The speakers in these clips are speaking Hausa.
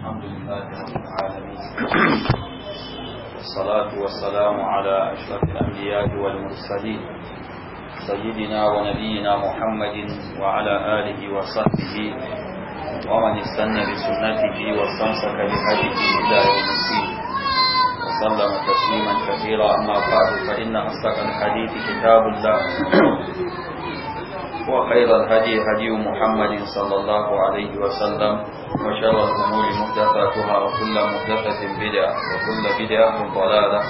الحمد لله رب العالمين والصلاة والسلام على أشرف الأنبياء والمرسلين سيدنا ونبينا محمد وعلى آله وصحبه ومن استنى بسنته واستمسك بهديه إلى يوم الدين وسلم تسليما كثيرا أما بعد فإن أصدق الحديث كتاب الله وخير الهدي هدي محمد صلى الله عليه وسلم وشر الأمور محدثاتها وكل محدثة بدعة وكل بدعة ضلالة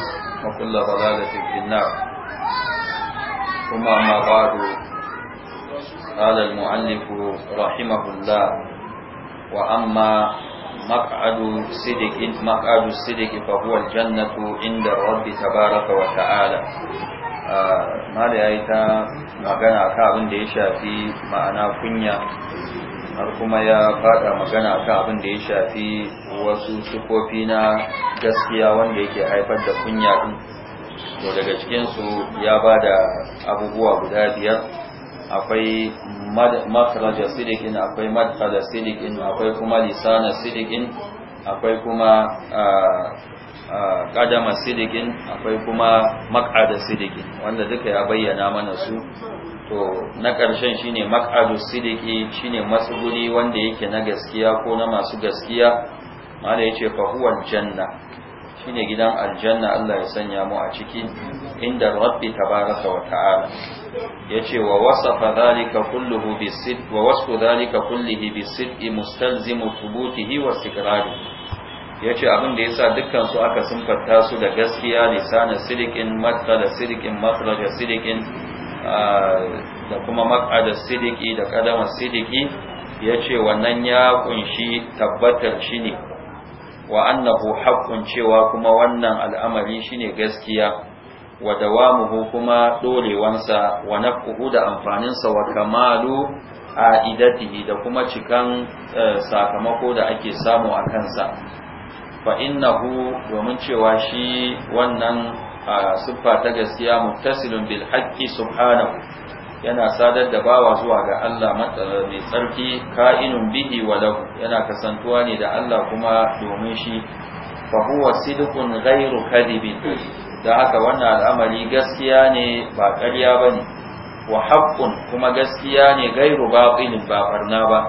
وكل ضلالة في النار ثم ما بعد قال المؤلف رحمه الله وأما مقعد صدق مقعد الصدق فهو الجنة عند الرب تبارك وتعالى Mali ya yi ta magana kan abin da ya shafi ma'ana kunya har kuma ya fada magana kan abin da ya shafi wasu sukofi na gaskiya wanda yake haifar da kunya din to daga cikinsu ya ba da abubuwa guda biyar akwai makarajar sidikin akwai madkada sidikin akwai kuma lisanar sidikin akwai kuma kadama sidikin akwai kuma mak'ada sidikin wanda duka ya bayyana mana su to na ƙarshen shine mak'adu sidiki shine matsuguni wanda yake na gaskiya ko na masu gaskiya mala yace fa huwa janna shine gidan aljanna Allah ya sanya mu a ciki inda rabbi tabaraka wa ta'ala yace wa wasafa zalika kulluhu bisidq wa wasfu zalika kullihi bisidqi mustalzimu thubutihi wa istiqrarihi ya ce abin da ya sa dukansu aka sunfarta su da gaskiya lisanin sirikin matsala sirikin matsalaga sirikin da kuma da sidiki da kadama sidiki ya ce wannan ya kunshi tabbatar shi ne wa annahu haƙƙun cewa kuma wannan al'amari shi ne gaskiya wa dawamuhu kuma dorewansa wa nafkuhu da sa wa kamalu a idatihi da kuma cikan eh, sakamako da ake samu a kansa fa innahu domin cewa shi wannan a siffa ta gaskiya muttasilun bil haqqi subhanahu yana sadar da bawa zuwa ga Allah mai tsarki ka'inun bihi wa yana kasantuwa ne da Allah kuma domin shi fa huwa sidqun ghairu kadibin da haka wannan al'amari gaskiya ne ba ƙarya bane wa haqqun kuma gaskiya ne gairu batilin ba barna ba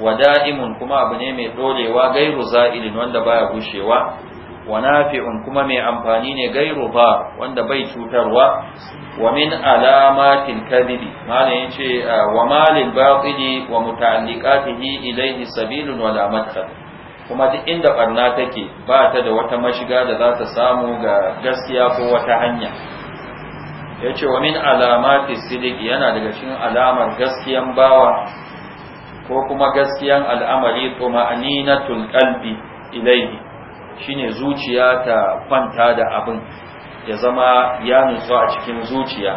wa da'imun kuma abu ne mai dorewa gairu za'ilin wanda baya gushewa wa nafi'un kuma mai amfani ne gairu ba wanda bai cutarwa wa min alamatin kadhibi malan yace ah, wa malil batili wa muta'alliqatihi ilayhi sabilun wa matka kuma duk inda barna take ba ta da wata mashiga da za ta samu ga gaskiya ko wata hanya yace wa min alamatis sidiq yana daga cikin alamar gaskiyan bawa ko kuma gaskiyan al'amari tuma'aninatul qalbi ilaihi shine zuciya ta kwanta da abin ya zama ya nutsu a cikin zuciya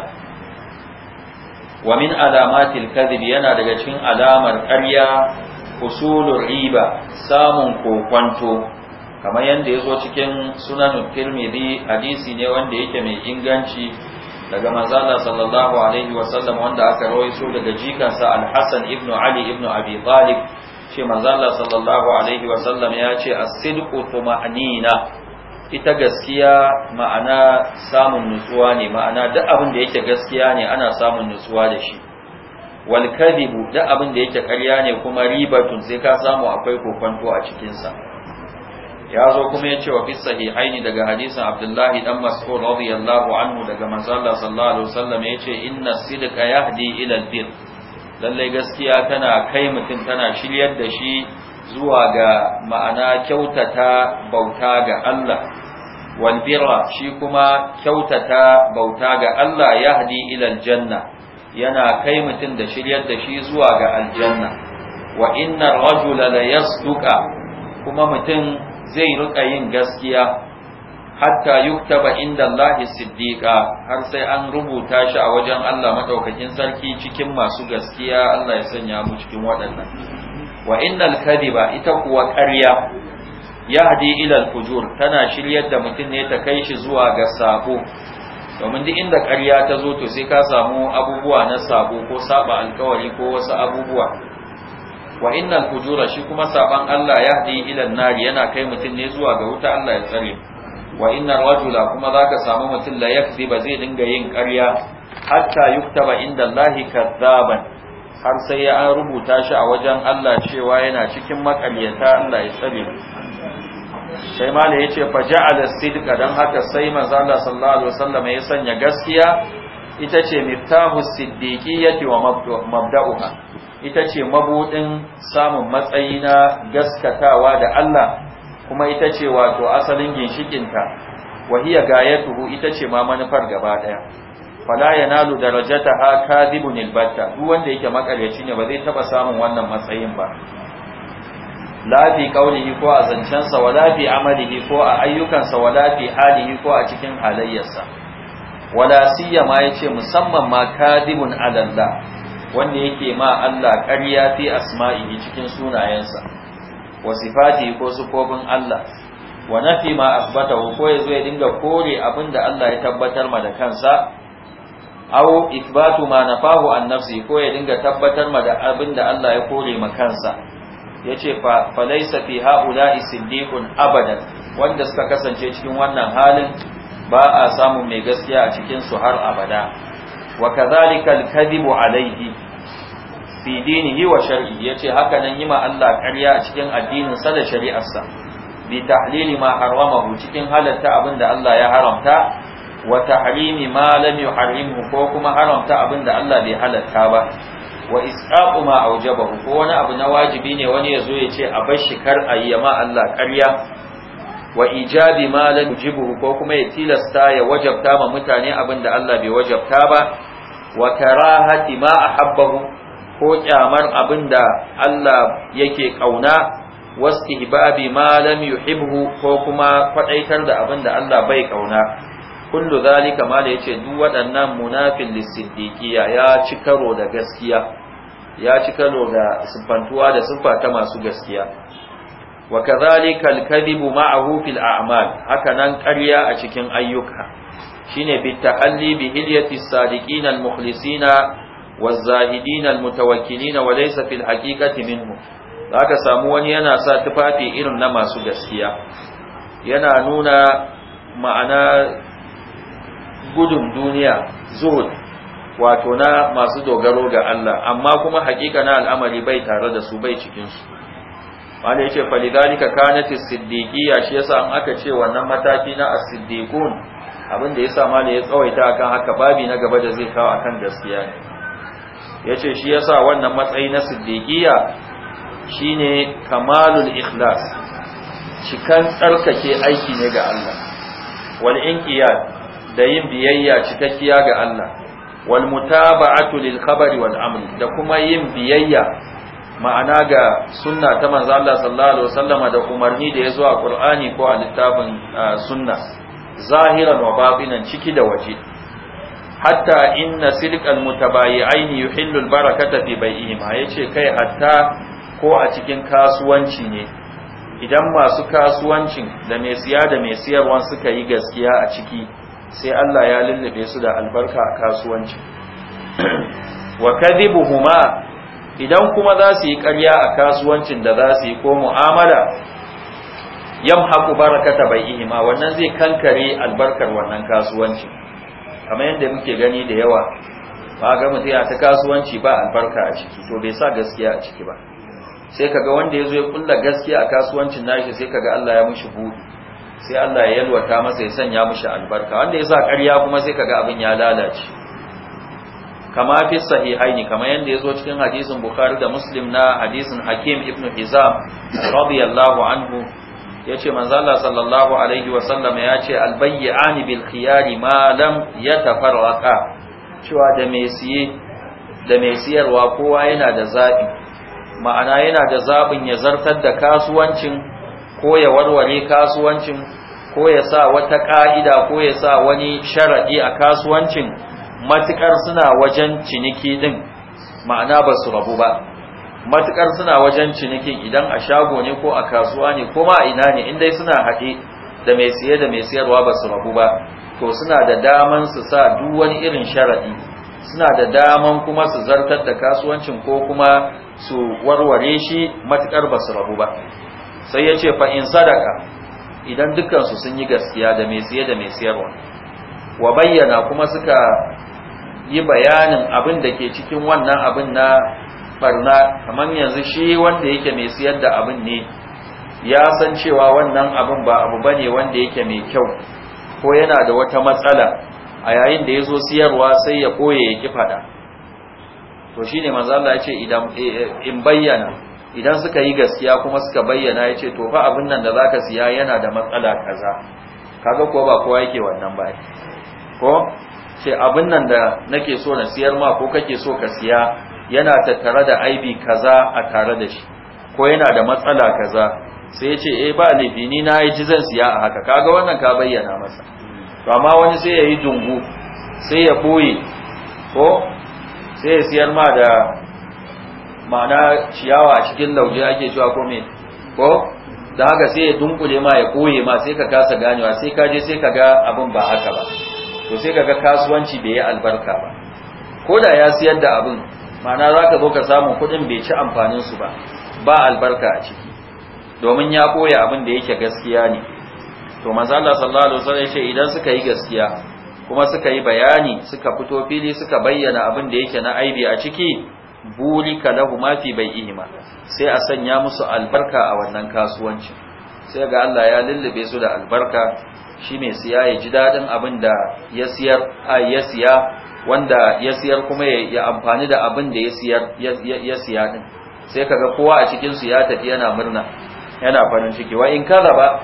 wa min alamatil kadhib yana daga cikin alamar ƙarya usulur riba samun kokwanto kamar yadda yazo cikin sunanin tirmidhi hadisi ne wanda yake mai inganci daga manzala sallallahu alaihi sallam wanda aka rawaito daga jikansa al-Hasan ibn Ali ibn Abi Talib ce Mazala sallallahu alaihi sallam ya ce as-sidqu tuma'nina ita gaskiya ma'ana samun nutsuwa ne ma'ana duk abin da yake gaskiya ne ana samun nutsuwa da shi wal kadhibu duk abin da yake ƙarya ne kuma ribatun sai ka samu akwai kokonto a cikin sa ya zo kuma ya ce wa fi sahihaini daga hadisin abdullahi dan mas'ud radiyallahu anhu daga manzo Allah sallallahu alaihi wasallam ya ce inna sidqa yahdi ila albir lalle gaskiya tana kai mutum tana shiryar da shi zuwa ga ma'ana kyautata bauta ga Allah wal birra shi kuma kyautata bauta ga Allah yahdi ila aljanna yana kai mutum da shiryar da shi zuwa ga aljanna wa innar rajula la yasduqa kuma mutum zai rika yin gaskiya hatta yuktaba inda Allah siddiqa har sai an rubuta shi a wajen Allah madaukakin sarki cikin masu gaskiya Allah ya sanya mu cikin waɗannan wa innal kadiba ita kuwa ƙarya yahdi ila al-fujur tana shiryar da mutum ne ta kai shi zuwa ga sabo domin duk inda ƙarya ta zo to sai ka samu abubuwa na sabo ko saba alƙawari ko wasu abubuwa wa innal fujura shi kuma saban Allah yahdi ila an-nar yana kai mutum ne zuwa ga wuta Allah ya tsare wa innar rajula kuma zaka samu mutum la yakzi ba zai dinga yin ƙarya hatta yuktaba inda Allah kadzaban har sai ya an rubuta shi a wajen Allah cewa yana cikin makaryata Allah ya tsare sai ma ne yace fa ja'ala sidqa dan haka sai manzo Allah sallallahu alaihi wasallam ya sanya gaskiya ita ce miftahu siddiqiyyati wa mabda'uha ita ce mabudin samun matsayi na gaskatawa da Allah kuma ita ce wato asalin ginshikinta wahiya gayatuhu ita ce ma manufar gaba daya fala yanalu darajataha kadhibun albatta duk wanda yake makaryaci ne ba zai taba samun wannan matsayin ba Lafi fi ko a zancen sa wala fi amalihi ko a ayyukansa wala fi halihi ko a cikin halayyarsa wala siyama yace musamman ma kadhibun alalla. wanda yake ma Allah ƙarya fi asma'ihi cikin sunayensa wa sifati ko sifofin Allah wa nafi ma asbatahu ko yazo ya dinga kore abinda Allah ya tabbatar ma da kansa aw ithbatu ma nafahu an nafsi ko ya dinga tabbatar ma da abinda Allah ya kore ma kansa yace fa falaysa fi haula'i siddiqun abadan wanda suka kasance cikin wannan halin ba a samu mai gaskiya a cikin su har abada wa kadhalika al alaihi, alayhi fi dinihi wa shar'i yace hakanan yi yima Allah karya a cikin addinin sa da shari'arsa bi tahlili ma haramahu cikin halatta abinda Allah ya haramta wa tahrimi ma lam yuharrimhu ko kuma haramta abinda Allah bai halarta ba wa isqaqu ma aujabahu ko wani abu na wajibi ne wani yazo ya ce a bar shi kar ayyama Allah karya? wa ijabi ma lam yujibuhu ko kuma ya tilasta ya wajabta ma mutane abin da Allah bai wajabta ba wa karahati ma ahabbahu ko kyamar abinda da Allah yake kauna wastihbabi ma lam yuhibhu ko kuma kwadaitar da abinda Allah bai kauna kullu zalika ma da yace duk waɗannan munafil lisiddiqiya ya ci karo da gaskiya ya ci karo da sifantuwa da siffa ta masu gaskiya wa kadhalika al-kadhibu ma'ahu fil a'mal haka nan ƙarya a cikin ayyuka shine bi bi hilyati sadiqin al mukhlisin wa zahidin al mutawakkilin wa laysa fil haqiqati minhu zaka samu wani yana sa tufafi irin na masu gaskiya yana nuna ma'ana gudun duniya zuhud wato na masu dogaro ga Allah amma kuma hakika na al'amari bai tare da su bai cikin su wanda yake falidalika kanat as shi yasa an aka ce wannan mataki na as-siddiqun abin da ya sa ya tsawaita akan haka babi na gaba da zai kawo akan gaskiya ne ya ce shi ya sa wannan matsayi na siddiqiya shine kamalul ikhlas cikan tsarkake aiki ne ga Allah wal inqiyad da yin biyayya cikakkiya ga Allah wal mutaba'atu lil khabari wal amri da kuma yin biyayya ma'ana ga sunna ta manzo Allah sallallahu alaihi wasallama da umarni da ya zo a Qur'ani ko a littafin sunna zahiran wa ciki da waje hatta inna silqal mutabayi'aini yuhillu albarakata fi bai'ihima yace kai hatta ko a cikin kasuwanci ne idan masu kasuwancin da mai siya da mai siyarwan suka yi gaskiya a ciki sai Allah ya lullube su da albarka a kasuwanci wa kadhibuhuma idan kuma za su yi ƙarya a kasuwancin da za su yi ko mu'amala haku barakata bai'ihima wannan zai kankare albarkar wannan kasuwanci kamar yadda muke gani da yawa ba ga mutum ya ta kasuwanci ba albarka a ciki to bai sa gaskiya a ciki ba sai kaga wanda yazo ya kulla gaskiya a kasuwancin nashi sai kaga Allah ya mishi buɗi sai Allah ya yalwata masa ya sanya mishi albarka wanda ya sa ƙarya kuma sai kaga abin ya lalace kama fi sahihaini kama yanda yazo cikin hadisin Bukhari da Muslim na hadisin Hakim ibnu Hizam radiyallahu anhu yace ce manzala sallallahu alaihi wa sallam yace ani bil khiyari ma lam yatafarraqa cewa da mai siye da mai siyarwa kowa yana da zabi ma'ana yana da zabin ya zartar da kasuwancin ko ya warware kasuwancin ko ya sa wata ƙa'ida ko ya sa wani sharaɗi a kasuwancin matuƙar suna wajen ciniki din ma'ana ba su rabu ba matukar suna wajen cinikin idan a shago ne ko a kasuwa ne ko ma a ina ne in dai suna haɗe da mai siye da mai siyarwa ba su rabu ba to suna da daman su sa duk wani irin sharaɗi suna da daman kuma su zartar da kasuwancin ko kuma su warware shi matukar ba su rabu ba sai ya ce fa'in sadaka idan dukansu sun yi gaskiya da mai siye da mai siyarwa wa bayyana kuma suka yi bayanin abin da ke cikin wannan abin na barna kamar yanzu shi wanda yake mai siyar da abin ne ya san cewa wannan abin ba abu bane wanda yake mai kyau ko yana da wata matsala a yayin da ya zo siyarwa sai ya koye ya ki faɗa to shi ne Allah ya ce eh, in bayyana idan suka yi gaskiya kuma suka bayyana ya ce to fa abin nan da za siya yana da matsala kaza kaga ko ba kowa yake wannan ba ko ce abin nan da nake so na siyar ma ko kake so ka siya yana tattare da aibi kaza a tare da shi ko yana da matsala kaza sai ya ce eh ba laifi ni na yi jizan siya a haka kaga wannan ka bayyana masa to amma wani sai ya yi dungu sai ya boye ko sai ya siyar ma da ma'ana ciyawa a cikin lauje ake cewa ko me ko da haka sai ya dunkule ma ya koye ma sai ka kasa ganewa sai ka je sai ka ga abin ba haka ba to sai ka ga kasuwanci bai yi albarka ba ko da ya siyar da abin ma'ana za ka zo ka samu kuɗin bai ci amfaninsu ba ba albarka a ciki domin ya koya abin da yake gaskiya ne to mazala sallallahu alaihi wasallam ce idan suka yi gaskiya kuma suka yi bayani suka fito fili suka bayyana abin da yake na aibi a ciki kalahu lahu ma fi ma, sai a sanya musu albarka a wannan kasuwanci sai ga Allah ya lullube su da albarka shi mai siya ya ji dadin abin da ya siyar a ya siya wanda ya siyar kuma ya amfani da abin da ya siyar ya siya din sai kaga kowa a cikin su ya tafi yana murna yana farin ciki wa in ba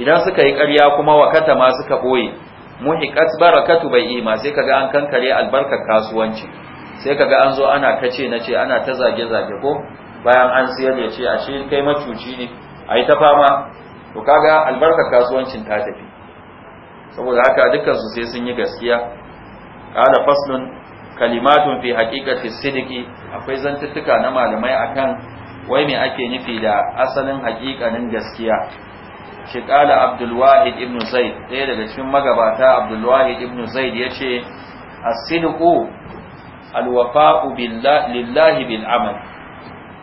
idan suka yi ƙarya kuma wakata ma suka boye muhiqat barakatu bai ima sai kaga an kankare albarkar kasuwanci sai kaga an zo ana kace na ce ana ta zage zage ko bayan an siyar ya ce ashe kai macuci ne ai ta fama to kaga albarkar kasuwancin ta tafi saboda haka dukkan su sai sun yi gaskiya qala faslun kalimatun fi haqiqati sidiki akwai zantuttuka na malamai akan wai me ake nufi da asalin haƙiƙanin gaskiya shi qala abdul ibn zaid ɗaya daga cikin magabata abdul wahid ibn zaid yace as-sidqu al-wafa'u lillahi bil amal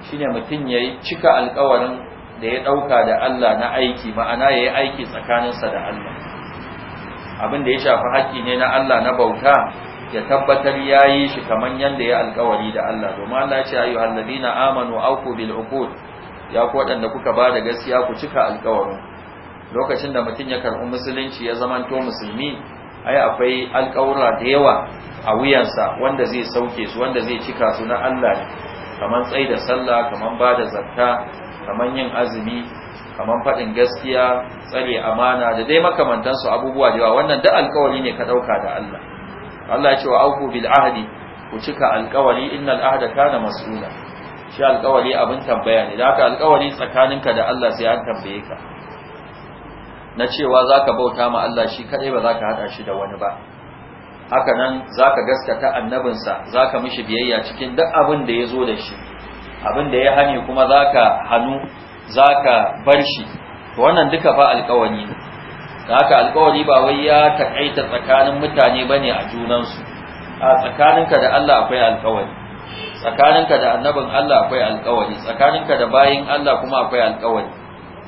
shine mutun yayi cika alkawarin da ya ɗauka da Allah na aiki ma'ana yayi aiki tsakaninsa da Allah abin da ya shafi haƙƙi ne na Allah na bauta ya tabbatar ya yi shi kamar yadda ya alkawari da Allah domin Allah ce ayu alladina amanu auku bil uqud ya ku waɗanda kuka ba da gaskiya ku cika alkawarin lokacin da mutum ya karɓi musulunci ya zamanto musulmi ai akwai alƙawura da yawa a wuyansa wanda zai sauke su wanda zai cika su na Allah kamar kamar tsaida sallah kamar ba da zakka kamar yin azumi kamar faɗin gaskiya tsare amana da dai makamantansu abubuwa da yawa wannan da alƙawari ne ka ɗauka da Allah Allah ya ce wa auku bil ahdi ku cika alƙawari innal ahda kana mas'ula shi alƙawari abin tambaya ne da haka alƙawari tsakaninka da Allah sai an tambaye ka na cewa zaka bauta ma Allah shi kadai ba zaka hada shi da wani ba haka nan zaka gaskata annabinsa zaka mishi biyayya cikin duk abin da ya zo da shi abin da ya hane kuma zaka hanu zaka bar shi to wannan duka fa alƙawari ne da haka alƙawari ba wai ya takaita tsakanin mutane bane a junansu a tsakaninka da Allah akwai alƙawari tsakaninka da annabin Allah akwai alƙawari tsakaninka da bayin Allah kuma akwai alƙawari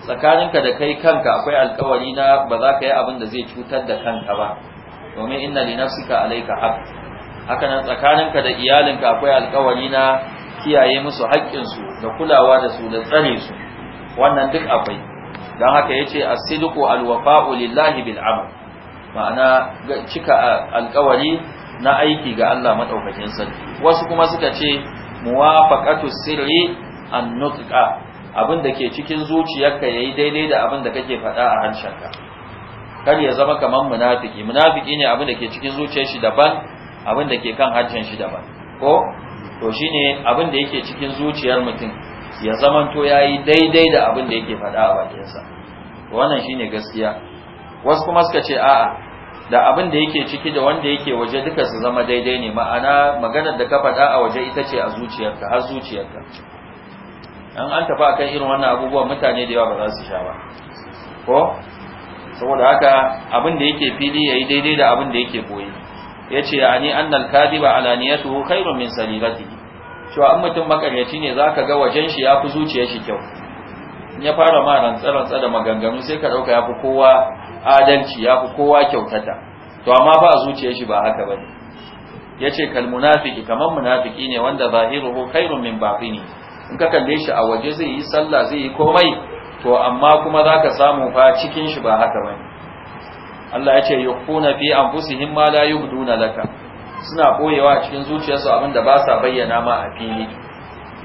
tsakaninka da kai kanka akwai alƙawari na ba za ka yi abin da zai cutar da kanka ba domin inna li nafsika alayka haq haka nan tsakaninka da iyalinka akwai alƙawari na kiyaye musu haƙƙinsu da kulawa da su da tsare su wannan duk akwai don haka ya ce asiduku alwafa'u lillahi bil amal ma'ana cika alkawari na aiki ga Allah maɗaukakin sarki wasu kuma suka ce muwafaqatu sirri an nutqa abin da ke cikin zuciyarka yayi daidai da abin da kake faɗa a harshenka kar ya zama kamar munafiki munafiki ne abin da ke cikin zuciyar shi daban abin da ke kan hancin shi daban ko to shine abin da yake cikin zuciyar mutum ya zamanto yayi daidai da abin da yake faɗa a bakinsa wannan shine gaskiya wasu kuma suka ce a'a da abin da yake ciki da wanda yake waje duka su zama daidai ne ma'ana maganar da ka faɗa a waje ita ce a zuciyarka har zuciyarka an an tafi akan irin wannan abubuwan mutane da yawa ba za su sha ba ko saboda haka abin da yake fili yayi daidai da abin da yake boye yace ani annal kadiba alaniyatu khairun min salibatihi cewa an mutum makaryaci ne zaka ga wajen shi ya fi zuciyar shi kyau in ya fara ma rantsa-rantsa da maganganu sai ka ɗauka ya fi kowa adalci ya fi kowa kyautata to amma ba a zuciyar shi ba haka ba ne ya ce kalmunafiki kamar munafiki ne wanda zahiruhu khairun min batini in ka kalle shi a waje zai yi sallah zai yi komai to amma kuma za ka samu fa cikin shi ba haka bane Allah yace ce yukhuna fi anfusihim ma la yubduna laka suna boyewa a cikin zuciyarsu da ba sa bayyana ma a fili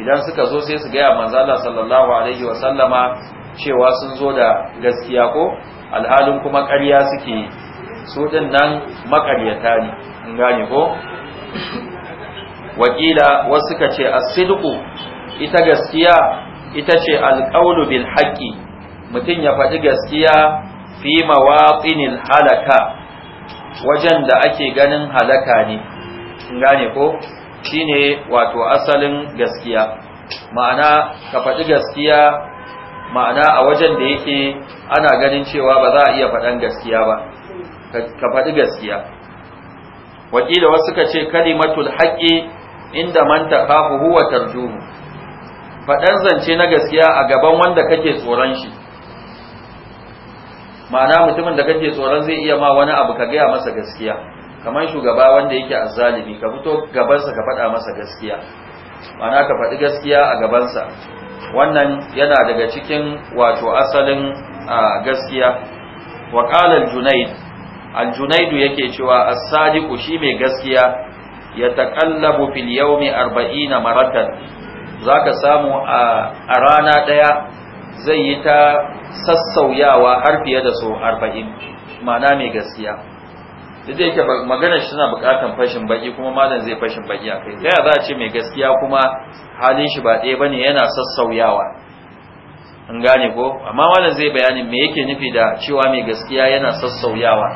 idan suka zo sai su gaya manzala sallallahu alaihi wa sallama cewa sun zo da gaskiya ko alhalin kuma ƙarya suke su din nan makaryata ne in gane ko wakila wasu ka ce as ita gaskiya ita ce alqawlu bil haqqi mutum ya faɗi gaskiya fi mawaqinil halaka wajen da ake ganin halaka ne gane ko shine wato asalin gaskiya ma'ana ka faɗi gaskiya ma'ana a wajen da yake ana ganin cewa ba za a iya faɗan gaskiya ba ka faɗi gaskiya wakila wasu ka ce kalimatul haƙƙi inda man taqafu huwa tarjuhu faɗan zance na gaskiya a gaban wanda kake tsoron shi ma'ana mutumin da kake tsoron zai iya ma wani abu ka gaya masa gaskiya kamar shugaba wanda yake azzalimi ka fito gabansa ka faɗa masa gaskiya ma'ana ka faɗi gaskiya a gabansa wannan yana daga cikin wato asalin gaskiya wa qala al-junayd al-junayd yake cewa as-sadiqu shi mai gaskiya ya taqallabu fil yawmi 40 maratan zaka samu a rana daya zai yi ta sassauyawa har fiye da so arba'in ma'ana mai gaskiya da zai yake magana shi suna bukatan fashin baki kuma malam zai fashin baki a kai Gaya za a ce mai gaskiya kuma halin shi ba ɗaya bane yana sassauyawa in gane ko amma malam zai bayanin me yake nufi da cewa mai gaskiya yana sassauyawa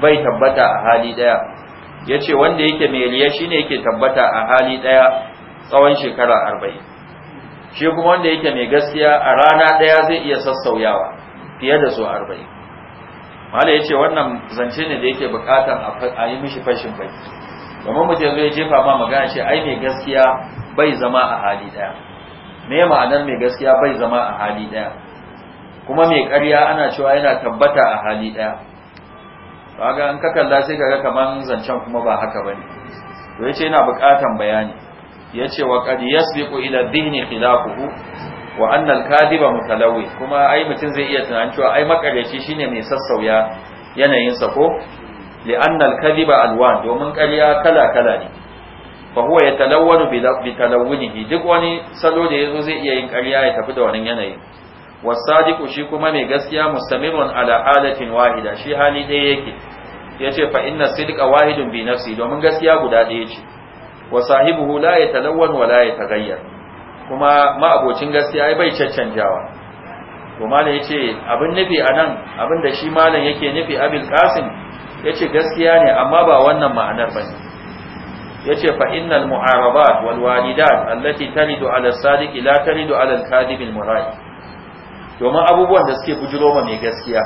bai tabbata a hali ɗaya ya ce wanda yake mai shi shine yake tabbata a hali ɗaya tsawon shekara arba'in shi kuma wanda yake mai gaskiya a rana ɗaya zai iya sassauyawa fiye da su arba'in mala ya ce wannan zance ne da yake bukatan a yi mishi fashin bai domin mutum ya jefa ma magana ce ai mai gaskiya bai zama a hali ɗaya me ma'anar mai gaskiya bai zama a hali ɗaya kuma mai ƙarya ana cewa yana tabbata a hali ɗaya kaga an ka kalla sai kaga kamar zancen kuma ba haka bane to yace yana bukatan bayani yace wa qad yasbiqu ila dhihni khilafuhu wa anna al-kadhiba mutalawwi kuma ai mutun zai iya tunanin cewa ai makareci shine mai sassauya yanayin sa ko li anna al alwan domin ƙarya kala kala ne fa huwa yatalawwanu bi talawwunihi duk wani salo da yazo zai iya yin ƙarya ya tafi da wannan yanayin wasadiqu shi kuma mai gaskiya mustamirun ala alatin wahida shi hali ɗaya yake yace fa inna sidqa wahidun bi nafsi domin gaskiya guda ɗaya ce wa sahibuhu la yatalawwan wa la tagayyar. kuma ma'abocin gaskiya ai bai caccanjawa to malam yace abin nufi anan abin da shi malam yake nufi abil qasim yace gaskiya ne amma ba wannan ma'anar bane yace fa innal mu'arabat wal walidat allati taridu ala sadiqi la taridu ala al kadhib al murai domin abubuwan da suke bujiro ma mai gaskiya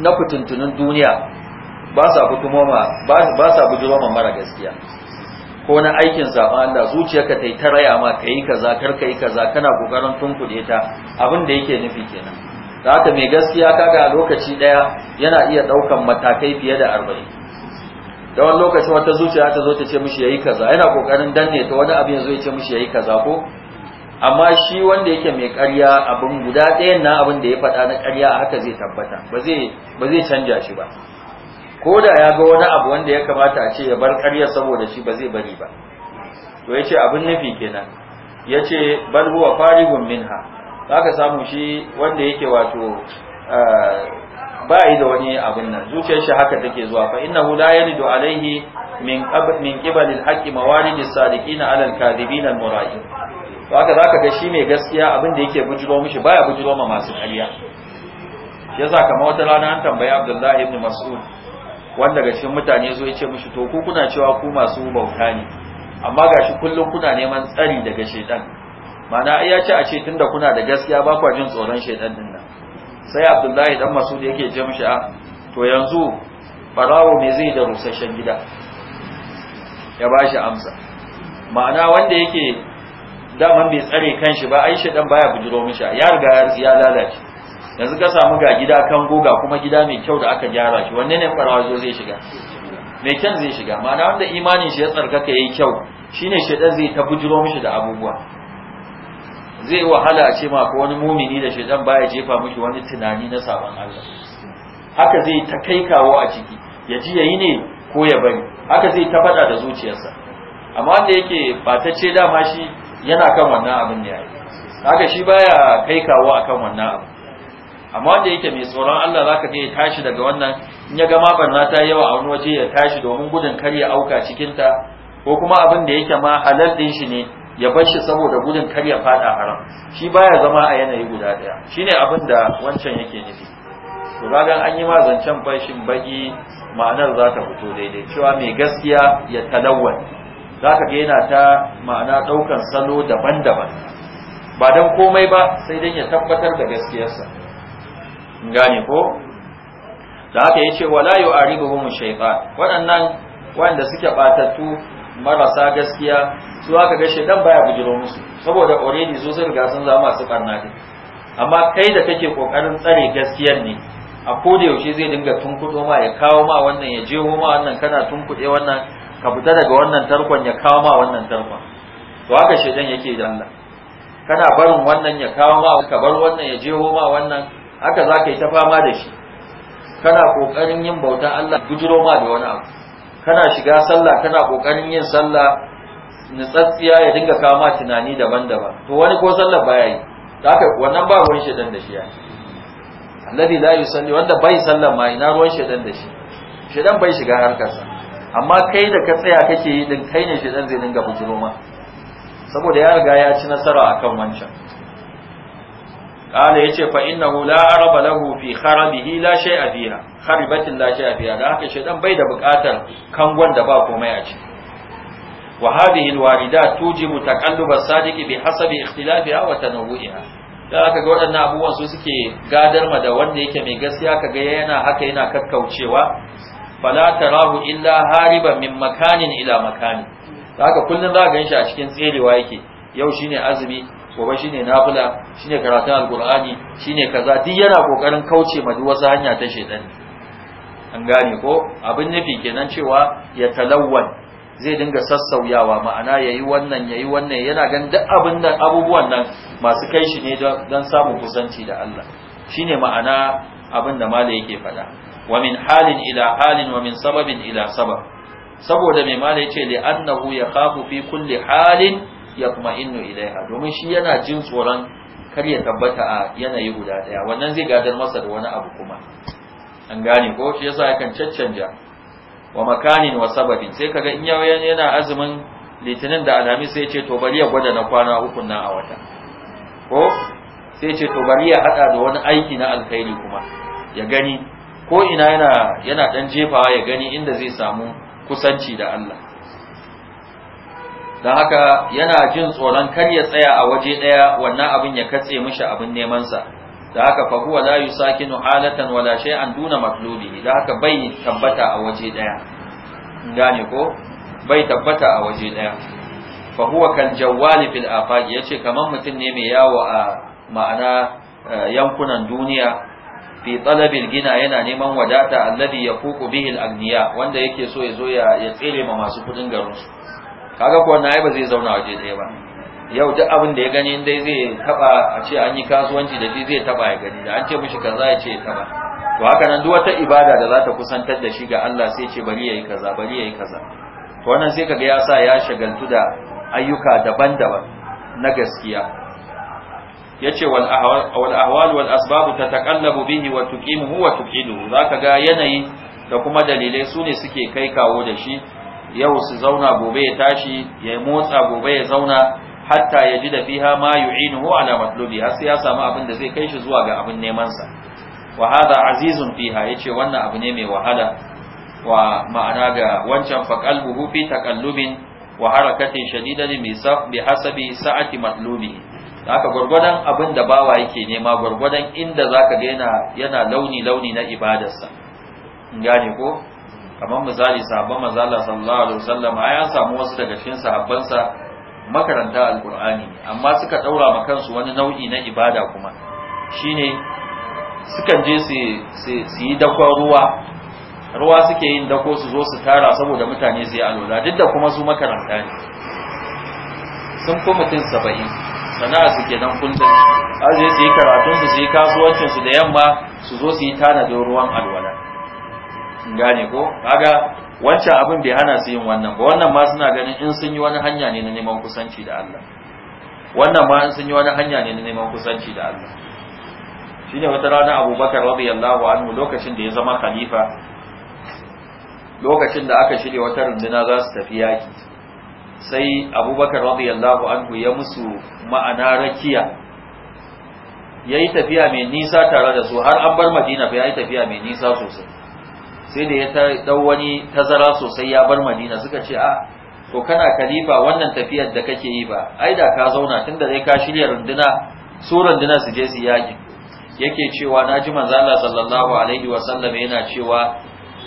na kutuntunin duniya ba sa fito ma ba sa bujiro ma mara gaskiya ko na aikin saban Allah zuciyarka ta yi ta raya ma ka yi kaza kar ka yi kaza kana kokarin tunkuɗe ta abin da yake nufi kenan da haka mai gaskiya kaga a lokaci ɗaya yana iya ɗaukan matakai fiye da arba'in da wani lokacin wata zuciya ta zo ta ce mishi yayi kaza yana kokarin danne ta wani abin zai ya ce mishi yayi kaza ko amma shi wanda yake mai ƙarya abin guda ɗayan na abin da ya faɗa na ƙarya a haka zai tabbata ba zai canja shi ba ko da ya ga wani abu wanda ya kamata a ce ya bar ƙarya saboda shi ba zai bari ba to ya ce abin nufi kenan ya ce bal huwa farihun minha za ka samu shi wanda yake wato ba yi da wani abin nan zuciyar shi haka take zuwa fa hu la yalidu alaihi min min qibal al-haqqi mawarid as-sadiqina ala al-kadhibin to haka zaka ga shi mai gaskiya abin da yake bujiro mishi baya bujiro ma masu ƙarya yasa kamar wata rana an tambayi Abdullahi ibn Mas'ud wanda daga cikin mutane zo ya ce mishi to ku kuna cewa ku masu bauta ne amma ga shi kullum kuna neman tsari daga shedan mana ai ya ce a ce tunda kuna da gaskiya ba kwa jin tsoron shedan din nan sai Abdullahi dan Masud yake je mishi a ah, to yanzu barawo me zai da rusasshen gida ya ba shi amsa ma'ana wanda yake daman bai tsare kanshi ba ai shedan baya bujiro mishi ya riga ya lalace yanzu ka samu ga gida kan goga kuma gida mai kyau da aka gyara shi wanne ne zo zai shiga mai kyan zai shiga ma'ana wanda imanin shi ya tsarkaka yayi kyau shine shedan zai ta bujiro mishi da abubuwa zai wahala a ce ma ko wani mumini da shedan baya jefa mishi wani tunani na sabon Allah haka zai ta kai kawo a ciki ya ji yayi ne ko ya bari haka zai ta faɗa da zuciyarsa amma wanda yake ba ce dama shi yana kan wannan abin ne haka shi baya kai kawo akan wannan abin. amma wanda yake mai tsoron Allah zaka ga ya tashi daga wannan in ya ga mabarna ta yawa a wani waje ya tashi domin gudun kar ya auka cikin ta ko kuma abin da yake ma halal din shi ne ya bar shi saboda gudun kar ya fada haram shi baya zama a yanayi guda daya shine abin da wancan yake nufi to ga an yi ma zancen fashin baki ma'anar za ta fito daidai cewa mai gaskiya ya talawwan za ka ga yana ta ma'ana ɗaukan salo daban-daban ba dan komai ba sai dan ya tabbatar da gaskiyarsa gane ko da haka yace wala yu'aribuhum shaytan waɗannan wanda suke batattu marasa gaskiya su aka ga shaytan baya bujiro musu saboda already su sun riga sun zama masu karna amma kai da kake kokarin tsare gaskiyar ne a koda yaushe zai dinga tunkudo ma ya kawo ma wannan ya jeho ma wannan kana tunkuɗe wannan ka fita daga wannan tarkon ya kawo ma wannan tarkon to haka shaytan yake da Allah kana barin wannan ya kawo ma ka bar wannan ya jeho ma wannan haka za ka yi ta fama da shi kana ƙoƙarin yin bautan Allah gujiro ma da wani abu kana shiga sallah kana ƙoƙarin yin sallah nutsatsiya ya dinga kama tunani daban-daban to wani ko sallah baya yi haka wannan ba ruwan shedan da shi ya Allahi la yusalli wanda bai sallah ma ina ruwan shedan da shi shedan bai shiga harkarsa amma kai da ka tsaya kake yi din kai ne shedan zai dinga bujiro ma saboda ya riga ya ci nasara akan wancan yace fa innahu la araba lahu fi kharabihi la shay'a fiha خربت la shay'a fiha da haka dan bai da bukatar kangon da ba komai a ciki wa hadhihi alwalida tujibu taqalluba sadiqi bi hasabi ikhtilafiha wa tanawwuha da haka ga waɗannan abubuwan su suke gadar ma da wanda yake mai gaskiya kaga yana haka yana kakkaucewa fala tarahu illa hariban min makanin ila makani da haka kullun za ka ganshi a cikin tserewa yake yau shine azumi gobe shine shi shine karatun shi shine kaza duk yana kokarin kauce ma duk wasu hanya ta shaidan an gane ko abin nufi kenan cewa ya talawwan zai dinga sassauyawa ma'ana ya yi wannan ya yi wannan yana gan duk abin nan abubuwan nan masu kai shi ne don samun kusanci da Allah Shi ne ma'ana abin da mala yake faɗa wa min halin ila halin wa min sababin ila sabab saboda mai mala ce li annahu ya yakhafu fi kulli halin Kuma yatma'innu ilaiha domin shi yana jin tsoron kar ya tabbata a yanayi guda daya wannan zai gadar masa da wani abu kuma an gane ko shi yasa yakan caccanja wa makanin wa sababin sai kaga in yau yana azumin litinin da alhamis sai ce to bari ya gwada na kwana uku nan a wata ko sai ce to bari ya hada da wani aiki na alkhairi kuma ya gani ko ina yana yana dan jefawa ya gani inda zai samu kusanci da Allah Da haka yana jin tsoron kar ya tsaya a waje ɗaya wannan abin ya katse mishi abin nemansa da haka fa huwa la yusakinu halatan wala shay'an duna matlubihi da haka bai tabbata a waje ɗaya gane ko bai tabbata a waje ɗaya fa huwa kal jawwali fil afaq yace kaman mutum ne mai yawo a ma'ana eh, yankunan duniya fi talabil gina yana neman wadata alladhi yafuqu bihi al agniya wanda yake so ya zo ya tsere ma masu kudin garin kaga kuwa na ba zai zauna waje ɗaya ba yau duk abin da ya gani in dai zai taba a ce an yi kasuwanci da shi zai taba ya gani da an ce mishi kaza ya ce ya taba to haka nan duk wata ibada da za ta kusantar da shi ga Allah sai ce bari yayi kaza bari yayi kaza to wannan sai kaga ya sa ya shagaltu da ayyuka daban-daban na gaskiya yace wal ahwal wal asbab tataqallabu bihi wa tuqimuhu wa tuqiduhu zaka ga yanayi da kuma dalilai sune suke kai kawo da shi yau su zauna gobe ya tashi ya motsa gobe ya zauna hatta ya ji da fiha ma yu'inuhu ala matlubi har sai ya samu abin da zai kai shi zuwa ga abin neman sa wa azizun fiha yace wannan abu ne mai wahala wa ma'ana ga wancan fa qalbuhu fi taqallubin wa harakatin shadidatin saf bi hasabi sa'ati matlubi haka gurgurdan abin da bawa yake nema gurgurdan inda zaka ga yana yana launi launi na ibadarsa gane ko kamar misali sahabban manzala sallallahu alaihi wasallam ya samu wasu daga cikin sahabbansa makaranta alqur'ani amma suka daura ma kansu wani nau'i na ibada kuma shine sukan je su yi dakon ruwa ruwa suke yin dako su zo su tara saboda mutane su yi alola duk da kuma su makaranta ne sun fi mutum saba'in sana'a su nan kullum arzai su yi karatun su yi kasuwancinsu da yamma su zo su yi tanadin ruwan alwala gane ko kaga wancan abin bai hana su yin wannan ba wannan ma suna ganin in sun yi wani hanya ne na neman kusanci da Allah wannan ma in sun yi wani hanya ne na neman kusanci da Allah shine wata rana Abubakar radiyallahu anhu lokacin da ya zama khalifa lokacin da aka shirya wata runduna za su tafi yaki sai Abubakar radiyallahu anhu ya musu ma'ana rakiya yayi tafiya mai nisa tare da su har an bar Madina fa yi tafiya mai nisa sosai sai da ya dau wani tazara sosai ya bar madina suka ce a ah, to kana khalifa wannan tafiyar da kake yi ba ai da ka zauna tunda dai ka shirya runduna su runduna su je su yaki yake cewa naji manzo Allah sallallahu alaihi wa sallam yana cewa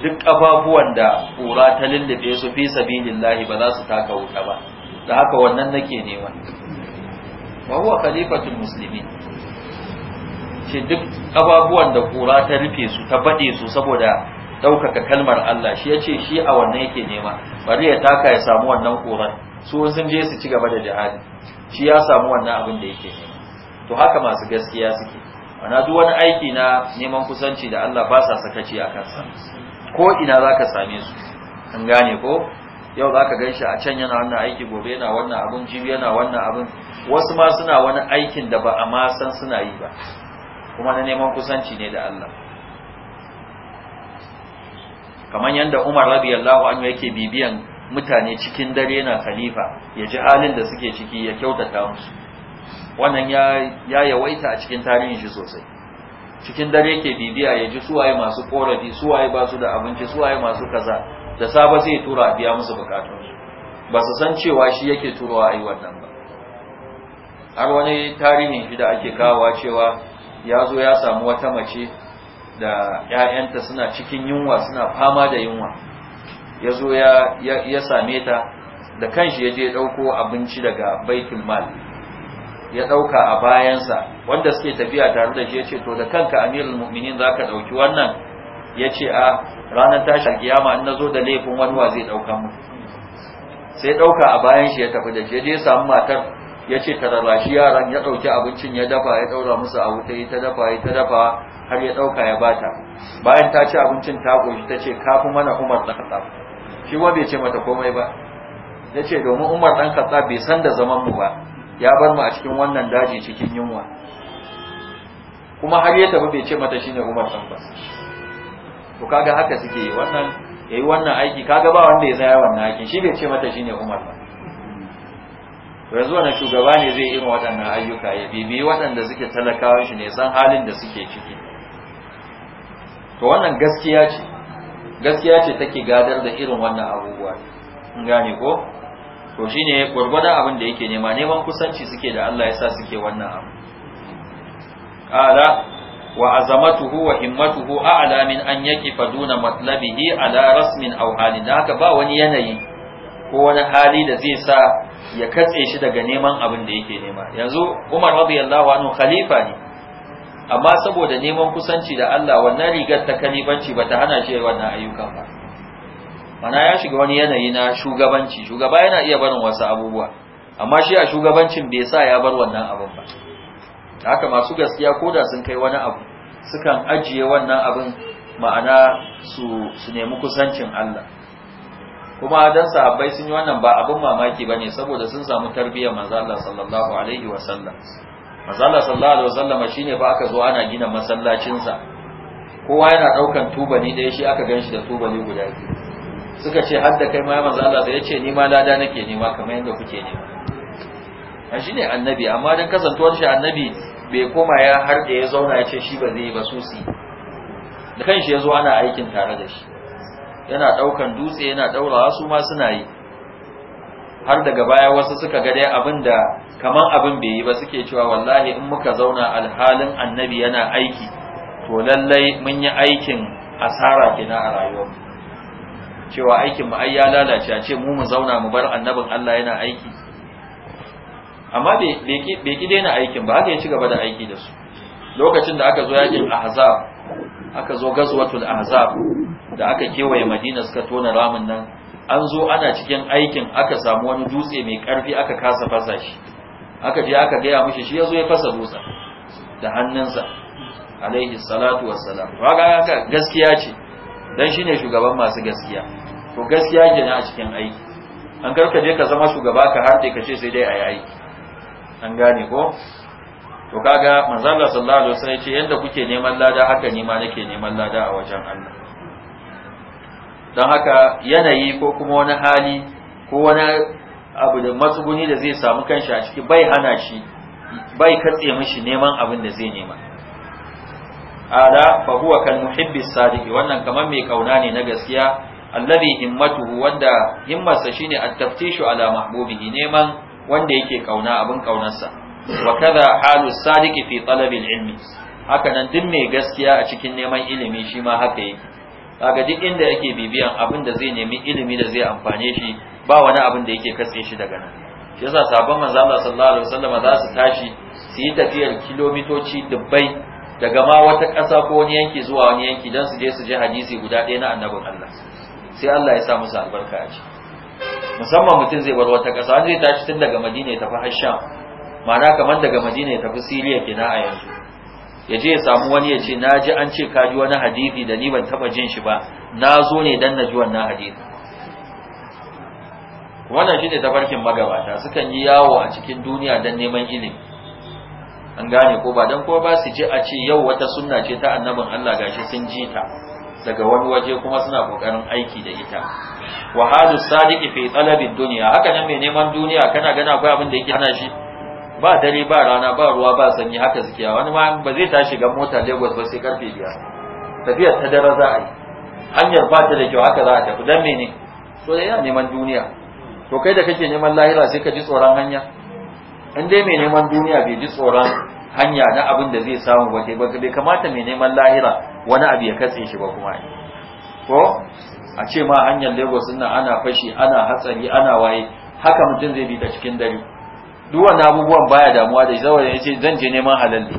duk kafafuwan da kura ta lullube su fi sabilillahi ba za su taka wuta ba da haka wannan nake nema wa huwa khalifatul muslimin ce duk kafafuwan da kura ta rufe su ta bade su saboda ɗaukaka kalmar Allah shi ya ce shi a wannan yake nema bari ya taka ya samu wannan ƙoran su sun je su ci gaba da jihadi shi ya samu wannan abin da yake nema to haka masu gaskiya suke ana duk wani aiki na neman kusanci da Allah ba sa sakaci a kansa ko ina za ka same su an gane ko yau za ka gan a can yana wannan aiki gobe yana wannan abin jibi yana wannan abin wasu ma suna wani aikin da ba a ma san suna yi ba kuma na neman kusanci ne da Allah kamar yadda Umar radiyallahu anhu yake bibiyan mutane cikin dare na khalifa ya ji halin da suke ciki ya kyautata musu wannan ya yawaita a cikin tarihin shi sosai cikin dare yake bibiya ya ji suwaye masu korafi suwaye ba su da abinci suwaye masu kaza da saba zai tura biya musu bukatunsu ba su san cewa shi yake turawa a yi wannan ba har wani tarihin shi da ake kawo cewa ya zo ya samu wata mace da 'ya'yanta suna cikin yunwa suna fama da yunwa ya zo ya same ta da kanshi ya je ɗauko abinci daga baitul mal ya ɗauka a bayansa wanda suke tafiya tare da shi ya ce to da kanka amirul mu'minin za ka ɗauki wannan ya ce a ranar tashar kiyama in na zo da laifin wani wa zai ɗauka mu sai ɗauka a bayan shi ya tafi da shi ya je samu matar ya ce tararrashi yaran ya ɗauki abincin ya dafa ya ɗaura musu a wuta ya ta dafa ya ta dafa har ya dauka ya bata bayan ta ci abincin ta goshi ta ce kafin mana umar ɗan katsab shi wa bai ce mata komai ba ya ce domin umar ɗan katsab bai san da zaman mu ba ya bar mu a cikin wannan daji cikin yunwa kuma har ya tafi bai ce mata shine umar ɗan ba to kaga haka suke yi wannan yayi wannan aiki kaga ba wanda ya zaya wannan aikin shi bai ce mata shine umar ba yanzu wannan shugaba ne zai yi irin waɗannan ayyuka ya bibiyi waɗanda suke talakawan shi ne san halin da suke ciki to wannan gaskiya ce gaskiya ce take gadar da irin wannan abubuwa in gane ko to shine gurgurdan abin da yake nema neman kusanci suke da Allah yasa suke wannan abu qala wa azamatuhu wa himmatuhu a'la min an yaqifa duna matlabihi ala rasmin aw halin da haka ba wani yanayi ko wani hali da zai sa ya katse shi daga neman abin da yake nema yanzu Umar radiyallahu anhu khalifa ne amma saboda neman kusanci da Allah wannan rigar ta kalibanci ta hana shi wannan ayyuka ba mana ya shiga wani yanayi na shugabanci shugaba yana iya barin wasu abubuwa amma shi a shugabancin bai sa ya bar wannan abin ba haka masu gaskiya koda sun kai wani abu sukan ajiye wannan abin ma'ana su su nemi kusancin Allah kuma dan sahabbai sun yi wannan ba abin mamaki bane saboda sun samu tarbiyyar manzo Allah sallallahu alaihi wasallam Mazala sallallahu alaihi wasallama shine fa aka zo ana gina masallacin sa kowa yana daukan tubali ɗaya shi aka ganshi da tubali guda biyu suka ce har da kai ma manzo Allah da yace ni ma lada nake nema kamar yadda kuke ne. a shine annabi amma dan kasantuwar shi annabi bai koma ya har da ya zauna ya ce shi ba zai ba susi da kanshi yazo ana aikin tare da shi yana daukan dutse yana daura su ma suna yi har daga baya wasu suka ga dai abin da kaman abin bai yi ba suke cewa wallahi in muka zauna alhalin annabi yana aiki to lallai mun yi aikin asara kina a rayuwarmu cewa aikin mu ai ya lalace a ce mu mu zauna mu bar annabin Allah yana aiki amma bai ki daina aikin ba haka ya ci gaba da aiki da su lokacin da aka zo yakin ahzab aka zo gazwatul ahzab da aka kewaye madina suka tona ramin nan an zo ana cikin aikin aka samu wani dutse mai karfi aka kasa fasa shi aka je aka gaya mishi shi ya zo ya fasa dutsen da hannunsa alaihi salatu wassalam kaga haka gaskiya ce dan shine shugaban masu gaskiya to gaskiya ke a cikin aiki an karka je ka zama shugaba ka harde ka ce sai dai ayi aiki an gane ko to kaga manzo Allah sallallahu alaihi wasallam ya ce yanda kuke neman lada haka ni ma nake neman lada a wajen Allah don haka yanayi ko kuma wani hali ko wani abu da matsuguni da zai samu kanshi a ciki bai hana shi bai katse mishi neman abin da zai nema ala fa huwa kal muhibbi sadiqi wannan kamar mai kauna ne na gaskiya allazi himmatuhu wanda himmarsa shine at-taftishu ala mahbubihi neman wanda yake kauna abin kaunarsa wa kaza halu sadiqi fi talabi al-ilmi haka nan duk mai gaskiya a cikin neman ilimi shi ma haka yake kaga duk inda yake bibiyan abin da zai nemi ilimi da zai amfane shi ba wani abin da yake katse shi daga nan shi yasa sabon manzo Allah sallallahu alaihi wasallam za su tashi su yi tafiyar kilomitoci dubbai daga ma wata ƙasa ko wani yanki zuwa wani yanki dan su je su je hadisi guda ɗaya na annabin Allah sai Allah ya sa musu albarka a ciki musamman mutum zai bar wata ƙasa wani zai tashi tun daga Madina ya tafi Hasham ma'ana kamar daga Madina ya tafi Siriya kenan a yanzu ya je ya samu wani ya ce na ji an ce ka ji wani hadisi da ni ban taba jin shi ba na zo ne dan na ji wannan hadisi wannan shine tafarkin magabata sukan yi yawo a cikin duniya dan neman ilimi an gane ko ba dan ko ba su je a ce yau wata sunna ce ta annabin Allah gashi sun ji ta daga wani waje kuma suna kokarin aiki da ita Wahadu hadu sadiqi fi talabi dunya haka nan mai neman duniya kana gana akwai abin da yake hana shi ba dare ba rana ba ruwa ba sanyi haka suke wani ma ba zai tashi ga mota Lagos ba sai karfe biyar tafiyar ta dare za a yi hanyar ba ta da kyau haka za a tafi dan mene so da yana neman duniya to kai da kake neman lahira sai ka ji tsoron hanya in dai mai neman duniya bai ji tsoron hanya na abin da zai samu ba kai bai kamata mai neman lahira wani abu ya katse shi ba kuma ko a ce ma hanyar Lagos nan ana fashi ana hatsari ana waye haka mutum zai bi ta cikin dare duk wannan abubuwan baya damuwa da zawa ya ce zan je neman halal ne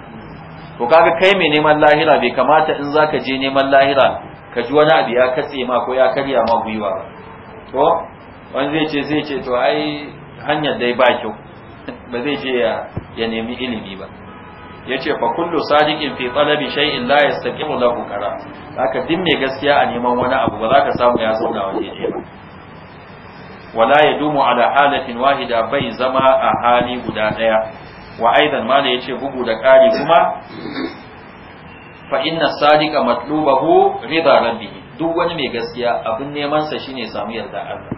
to kaga kai mai neman lahira bai kamata in zaka je neman lahira ka ji wani abu ya katse ma ko ya karya ma gwiwa ba to wani zai ce zai ce to ai hanyar dai ba kyau ba zai je ya nemi ilimi ba yace fa kullu sadiqin fi talabi shay'in la yastaqimu lahu qara haka din mai gaskiya a neman wani abu ba za ka samu ya zauna waje ba wala ya ala halatin wahida bai zama a hali guda ɗaya. wa aidan ya ce bugu da ƙari kuma fa inna sadiqa matlubahu rida rabbih duk wani mai gaskiya abin neman sa shine samu yarda Allah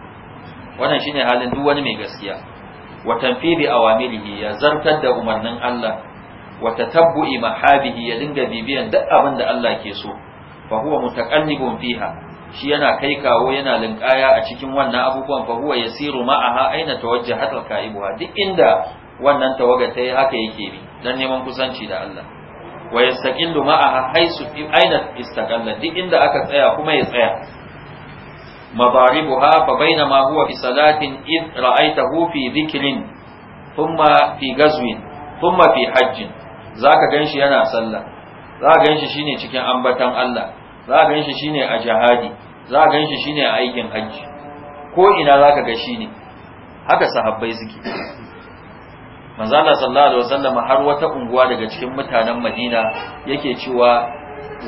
wannan shine halin duk wani mai gaskiya wa tanfidi awamirihi ya zartar da umarnin Allah wa tatabbu'i mahabihi ya dinga bibiyan duk abin da Allah ke so Fahu, huwa mutaqallibun fiha shi yana kai kawo yana linkaya a cikin wannan abubuwan fa huwa yasiru ma'aha aina tawajjahat al-kaibuha duk inda wannan tawaga ta haka yake bi dan neman kusanci da Allah wa yastaqillu ma'aha haisu aina istaqalla duk inda aka tsaya kuma ya tsaya مضاربها فبينما huwa fi salatin id ra'aitahu fi dhikrin thumma fi غزو thumma fi hajjin zaka ganshi yana sallah za ganshi shine cikin ambatan Allah za a ganshi shine a jihadi za a ganshi shine a aikin hajji ko ina za ka ga shine haka sahabbai suke manzo Allah sallallahu alaihi wasallam har wata unguwa daga cikin mutanen Madina yake cewa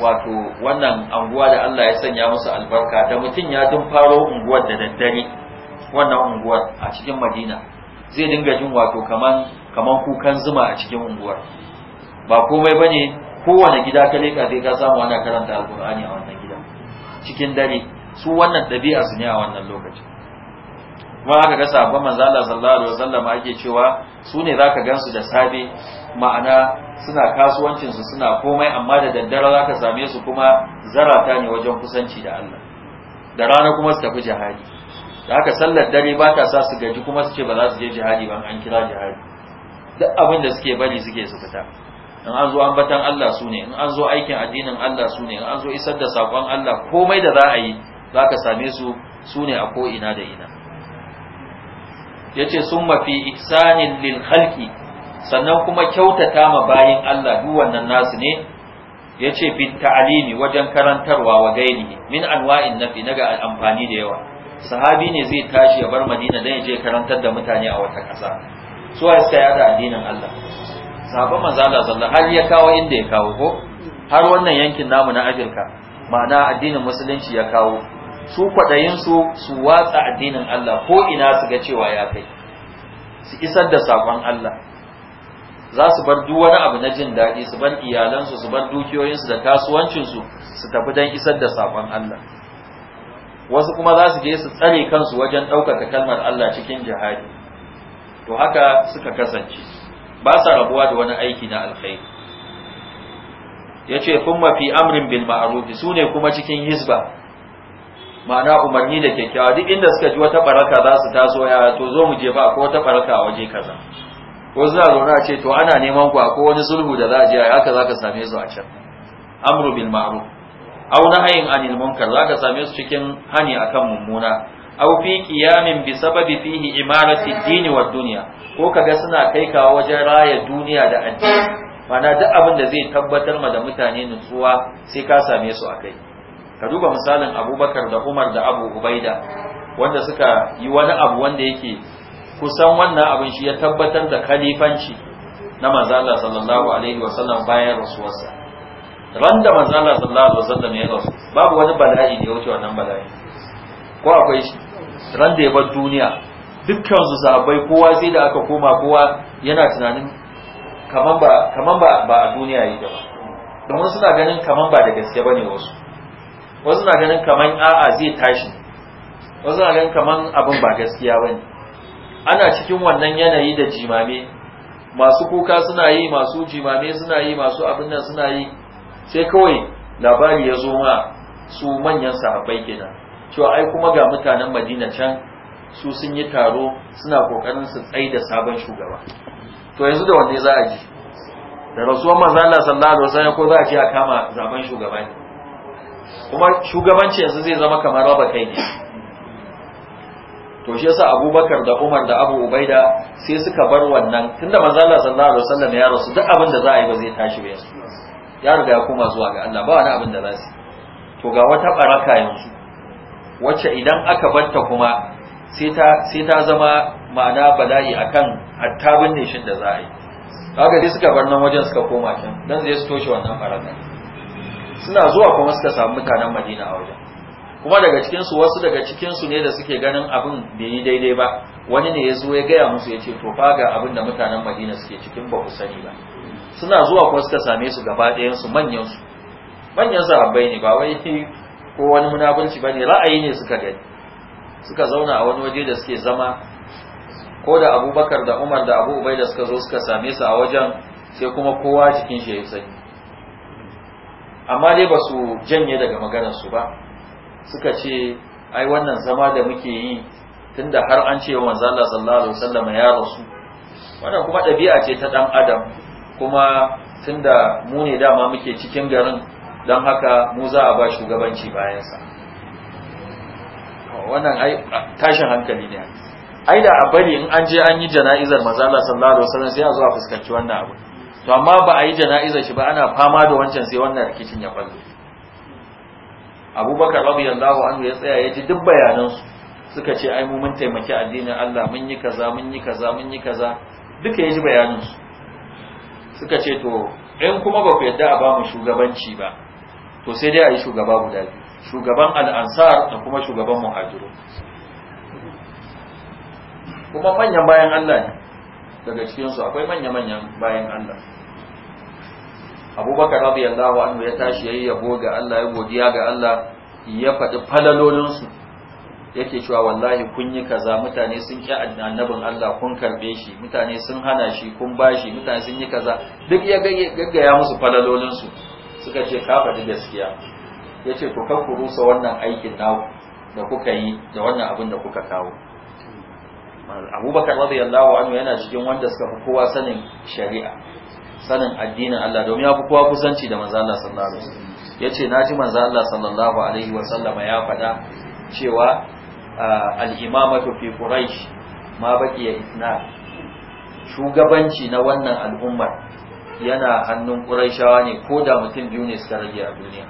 wato wannan unguwa da Allah ya sanya musu albarka da mutum ya dun faro unguwar da daddare wannan unguwar a cikin Madina zai dinga jin wato kaman kaman kukan zuma a cikin unguwar ba komai bane kowane gida ka leka sai ka samu ana karanta alkur'ani a wannan gida cikin dare su wannan dabi'a su ne a wannan lokaci kuma aka ga sabon Allah sallallahu alaihi wasallam ake cewa su ne zaka gansu da sabe ma'ana suna kasuwancin su suna komai amma da daddare zaka same su kuma zarata ne wajen kusanci da Allah da rana kuma su tafi jihadi da haka sallar dare ba ta sa su gaji kuma su ce ba za su je jihadi ba an kira jihadi duk abin da suke bari suke su fita in an zo ambatan Allah su ne in an zo aikin addinin Allah su ne in an zo isar da sakon Allah komai da za a yi za ka same su su ne a ko'ina da ina ya ce sun mafi iksanin lil halki sannan kuma kyautata ma bayin Allah duk wannan nasu ne ya ce bin ta'alimi wajen karantarwa wa gaini min anwa'in nafi ga amfani da yawa sahabi ne zai tashi ya bar madina don ya je karantar da mutane a wata ƙasa su sai ya da addinin Allah sahabban manzo Allah sallallahu har ya kawo inda ya kawo ko har wannan yankin namu na Afirka ma'ana addinin musulunci ya kawo su kwadayin su su watsa addinin Allah ko ina su ga cewa ya kai su isar da sakon Allah za su bar duk wani abu na jin daɗi su bar iyalansu su bar dukiyoyinsu da kasuwancinsu su tafi don isar da sakon Allah wasu kuma za su je su tsare kansu wajen ɗaukaka kalmar Allah cikin jihadi to haka suka kasance ba sa rabuwa da wani aiki na alkhairi yace kuma fi amrin bil ma'ruf sune kuma cikin hisba. ma'ana umarni da kyakkyawa duk inda suka ji wata baraka za su taso yara to zo mu je ba ko wata baraka a waje kaza ko za zo na ce to ana neman ku ko wani sulhu da za a je haka ka same su a can amru bil ma'ruf aw nahyin anil munkar ka same su cikin hani akan mummuna aw fi qiyamin bi sababi fihi imarati ad-din wa dunya ko kaga suna kai kawo wajen raya duniya da addini mana duk abin da zai tabbatar ma da mutane nutsuwa sai ka same su akai ka duba misalin abubakar da umar da abu ubaida wanda suka yi wani abu wanda yake kusan wannan abin shi ya tabbatar da khalifanci na manzo Allah sallallahu alaihi wa sallam bayan rasuwarsa ran da manzo Allah sallallahu alaihi wa sallam ya rasu babu wani bala'i da ya wuce wannan bala'i ko akwai shi ran da ya bar duniya dukkan su sabai kowa sai da aka koma kowa yana tunanin kaman ba kaman ba ba a duniya yi da ba domin suna ganin kaman ba da gaske bane wasu wasu na ganin kaman a'a zai tashi wasu na ganin kaman abin ba gaskiya bane ana cikin wannan yanayi da jimame masu kuka suna yi masu jimame suna yi masu abin nan suna yi sai kawai labari ya zo ma su manyan sahabbai kenan cewa ai kuma ga mutanen Madina can su sun yi taro suna kokarin su tsai da sabon shugaba to yanzu da wanne za a ji da rasuwar manzo Allah sallallahu alaihi wasallam ko za a ji a kama zaben shugaba ne kuma shugabanci yanzu zai zama kamar raba kai ne to shi yasa Abubakar da Umar da Abu Ubaida sai suka bar wannan tunda manzo Allah sallallahu alaihi wasallam ya rasu duk abin da za a yi ba zai tashi ba yanzu ya riga ya koma zuwa ga Allah ba wani abin da za su to ga wata baraka yanzu wacce idan aka batta kuma sai ta zama ma'ana bala'i akan hatta binne shin da za a yi kaga dai suka bar nan wajen suka koma kin dan zai su toshe wannan farata suna zuwa kuma suka samu mutanen Madina a wajen kuma daga cikin su wasu daga cikin su ne da suke ganin abin bai yi daidai ba wani ne ya zo ya gaya musu ya ce to fa ga abin da mutanen Madina suke cikin ba ku sani ba suna zuwa kuma suka same su gaba ɗayan su manyan su manyan sahabbai ne ba wai ko wani munafurci bane ra'ayi ne suka gani suka zauna a wani waje da suke zama ko da abubakar da umar da abu ubai da suka zo suka same su a wajen sai kuma kowa cikin shi ya yi sanyi amma dai ba su janye daga maganarsu ba suka ce ai wannan zama da muke yi tunda har an ce wanzu Allah sallallahu alaihi wasallam ya rasu wannan kuma ɗabi'a ce ta ɗan adam kuma tunda mu ne dama muke cikin garin don haka mu za a ba shugabanci bayansa wannan ai tashin hankali ne ai da a bari in an je an yi jana'izar mazala, sallallahu alaihi wasallam sai a zo a fuskanci wannan abu to amma ba a yi jana'izar shi ba ana fama da wancan sai wannan rikicin ya falle Abubakar radiyallahu anhu ya tsaya ya ji duk bayanan su suka ce ai mu mun taimaki addinin Allah mun yi kaza mun yi kaza mun yi kaza duka ya ji bayanan su suka ce to in kuma ba ku yadda a ba mu shugabanci ba to sai dai a yi shugaba guda biyu shugaban al'ansar da kuma shugaban muhajiru kuma manyan bayan Allah ne daga cikinsu akwai manya-manyan bayan Allah abubakar radiyallahu anhu ya tashi yayi yabo ga Allah ya godiya ga Allah ya faɗi falalolinsu yake cewa wallahi kun yi kaza mutane sun ƙi annabin Allah kun karɓe shi mutane sun hana shi kun ba shi, mutane sun yi kaza duk ya gaggaya musu falalolinsu suka ce ka faɗi gaskiya yace to kan ku rusa wannan aikin naku da kuka yi da wannan abin da kuka kawo abubakar radiyallahu anhu yana cikin wanda suka fi kowa sanin shari'a sanin addinin Allah domin ya fi kowa kusanci da manzo Allah sallallahu alaihi wasallam yace ji manzo Allah sallallahu alaihi wasallam ya faɗa cewa al-imamatu fi quraish ma ya isna shugabanci na wannan al'ummar yana hannun quraishawa ne ko da mutum biyu ne suka rage a duniya